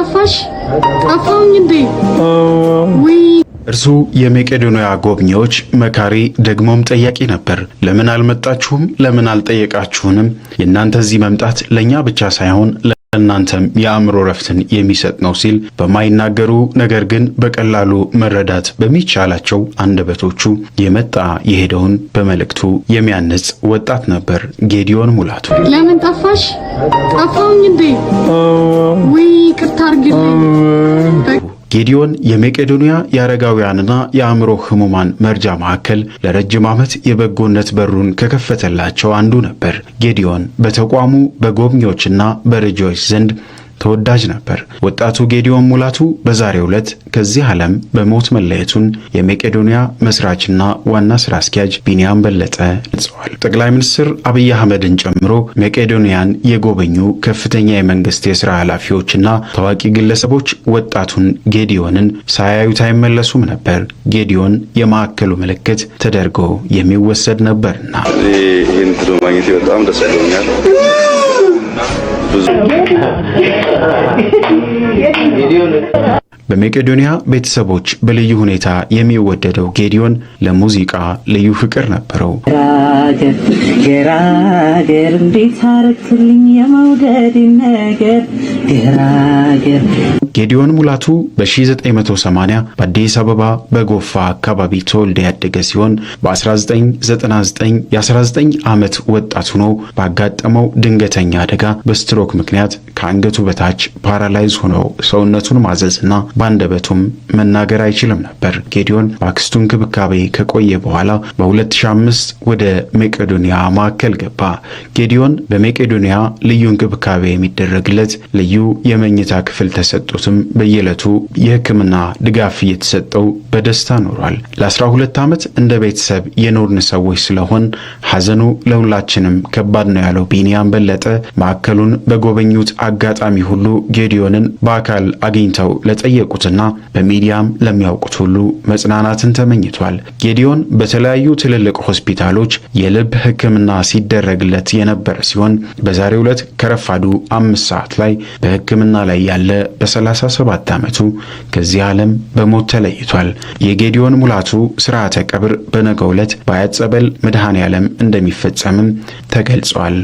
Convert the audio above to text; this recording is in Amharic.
ጠፋሽ? ጠፋሁኝ እንዴ? እርሱ የመቄዶንያ ጎብኚዎች መካሪ ደግሞም ጠያቂ ነበር። ለምን አልመጣችሁም? ለምን አልጠየቃችሁንም? የእናንተ እዚህ መምጣት ለእኛ ብቻ ሳይሆን እናንተም የአእምሮ ረፍትን የሚሰጥ ነው ሲል በማይናገሩ ነገር ግን በቀላሉ መረዳት በሚቻላቸው አንደበቶቹ የመጣ የሄደውን በመልእክቱ የሚያንጽ ወጣት ነበር ጌዲዮን ሙላቱ። ለምን ጠፋሽ? ጠፋሁኝ እንዴ? ውይ ይቅርታ አርግልኝ። ጌዲዮን የመቄዶንያ የአረጋውያንና የአእምሮ ህሙማን መርጃ ማዕከል ለረጅም ዓመት የበጎነት በሩን ከከፈተላቸው አንዱ ነበር። ጌዲዮን በተቋሙ በጎብኚዎችና በረጂዎች ዘንድ ተወዳጅ ነበር። ወጣቱ ጌዲዮን ሙላቱ በዛሬው ዕለት ከዚህ ዓለም በሞት መለየቱን የመቄዶንያ መስራችና ዋና ስራ አስኪያጅ ቢንያም በለጠ ገልጸዋል። ጠቅላይ ሚኒስትር አብይ አህመድን ጨምሮ መቄዶንያን የጎበኙ ከፍተኛ የመንግስት የሥራ ኃላፊዎችና ታዋቂ ግለሰቦች ወጣቱን ጌዲዮንን ሳያዩት አይመለሱም ነበር። ጌዲዮን የማዕከሉ ምልክት ተደርጎ የሚወሰድ ነበርና ይህን ድሎ ማግኘቴ በጣም ደስ ብሎኛል። Hello, baby. በመቄዶንያ ቤተሰቦች በልዩ ሁኔታ የሚወደደው ጌዲዮን ለሙዚቃ ልዩ ፍቅር ነበረው። ገራገር እንዴት አረክልኝ የመውደድ ነገር ገራገር። ጌዲዮን ሙላቱ በ1980 በአዲስ አበባ በጎፋ አካባቢ ተወልደ ያደገ ሲሆን በ1999 የ19 ዓመት ወጣት ሆኖ ባጋጠመው ድንገተኛ አደጋ በስትሮክ ምክንያት ከአንገቱ በታች ፓራላይዝ ሆኖ ሰውነቱን ማዘዝና ባንደበቱም መናገር አይችልም ነበር። ጌዲዮን በአክስቱ እንክብካቤ ከቆየ በኋላ በ2005 ወደ መቄዶንያ ማዕከል ገባ። ጌዲዮን በመቄዶንያ ልዩ እንክብካቤ የሚደረግለት ልዩ የመኝታ ክፍል ተሰጡትም። በየዕለቱ የሕክምና ድጋፍ እየተሰጠው በደስታ ኖሯል። ለ12 ዓመት እንደ ቤተሰብ የኖርን ሰዎች ስለሆን ሐዘኑ ለሁላችንም ከባድ ነው ያለው ቢንያም በለጠ ማዕከሉን በጎበኙት አጋጣሚ ሁሉ ጌዲዮንን በአካል አግኝተው ለጠየቁትና በሚዲያም ለሚያውቁት ሁሉ መጽናናትን ተመኝቷል። ጌዲዮን በተለያዩ ትልልቅ ሆስፒታሎች የልብ ሕክምና ሲደረግለት የነበረ ሲሆን በዛሬው ዕለት ከረፋዱ አምስት ሰዓት ላይ በሕክምና ላይ ያለ በ37 ዓመቱ ከዚህ ዓለም በሞት ተለይቷል። የጌዲዮን ሙላቱ ስርዓተ ቀብር በነገው ዕለት በአያት ጸበል መድኃኔ ዓለም እንደሚፈጸምም ተገልጿል።